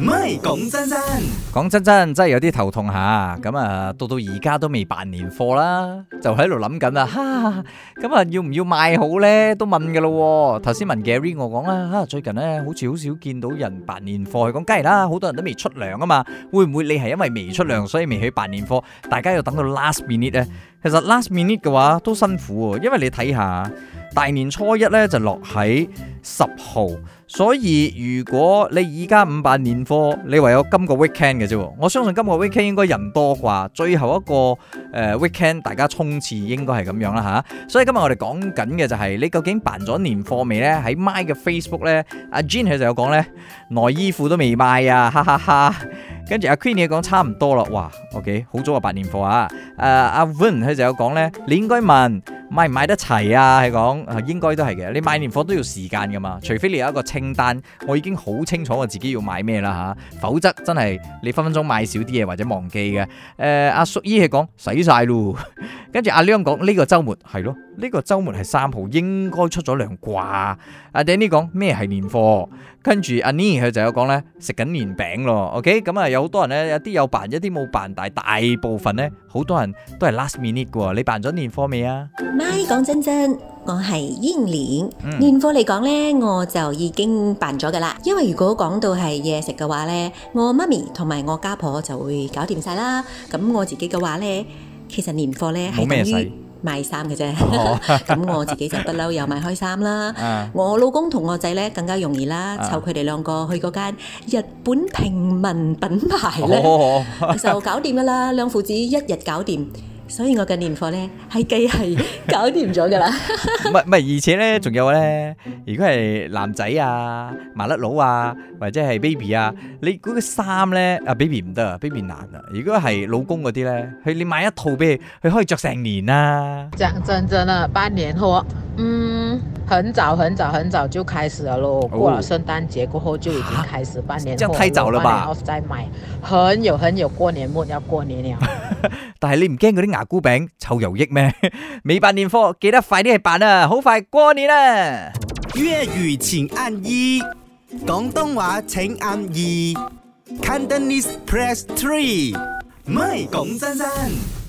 唔係講真真，講真真真係有啲頭痛吓。咁啊，到到而家都未辦年貨啦，就喺度諗緊呀。咁啊，啊，要唔要買好呢？都問噶咯。頭先問 Gary，我講啦，啊，最近呢，好似好少見到人辦年貨，佢講梗係啦，好多人都未出糧啊嘛。會唔會你係因為未出糧，所以未去辦年貨？大家要等到 last minute 呢。其實 last minute 嘅話都辛苦，因為你睇下大年初一呢，就落喺。十號，所以如果你而家唔辦年貨，你唯有今個 weekend 嘅啫。我相信今個 weekend 應該人多啩，最後一個誒 weekend 大家衝刺應該係咁樣啦吓。所以今日我哋講緊嘅就係、是、你究竟辦咗年貨未呢？喺 MY 嘅 Facebook 呢，阿 Jean 佢就有講呢，內衣褲都未買啊，哈哈哈。跟住阿 Queen 佢講差唔多啦，哇，OK 好早啊辦年貨啊。誒阿 Vin 佢就有講呢，你應該問。買唔買得齊啊？係講，應該都係嘅。你買年貨都要時間噶嘛，除非你有一個清單，我已經好清楚我自己要買咩啦吓，否則真係你分分鐘買少啲嘢，或者忘記嘅。誒、呃，阿叔姨係講，洗晒咯。 跟住阿亮講呢個周末係咯，呢個周末係三號應該出咗糧啩。阿 Denny 講咩係年貨？跟住阿妮佢就有講咧食緊年餅咯。OK，咁啊有好多人咧，有啲有辦，一啲冇辦，但係大部分咧，好多人都係 last minute 噶。你辦咗年貨未啊？MY 講真真，我係英年。年貨嚟講咧，我就已經辦咗噶啦。因為如果講到係嘢食嘅話咧，我媽咪同埋我家婆就會搞掂晒啦。咁我自己嘅話咧。其實年貨咧係等於買衫嘅啫，咁我自己就不嬲又買開衫啦。我老公同我仔咧更加容易啦，湊佢哋兩個去嗰間日本平民品牌咧，哦、 就搞掂噶啦，兩父子一日搞掂。所以我嘅年貨咧係計係搞掂咗噶啦，唔係唔係，而且咧仲有咧，如果係男仔啊、麻甩佬啊，或者係 baby 啊，你嗰個衫咧，啊 baby 唔得啊，baby 難啊，如果係老公嗰啲咧，佢你買一套俾佢佢可以着成年啊。講真，真啦，辦年貨，嗯，很早很早很早就開始啦咯，過了聖誕節過後就已經開始辦、哦、年即貨啦，吧我後再買，很有很有過年末要過年了。 但係你唔驚嗰啲牙菇餅臭油益咩？ 未辦年貨，記得快啲去辦啊！好快過年啦！啊！粵語請按二，廣東話請按二，Cantonese press three，唔係講真真。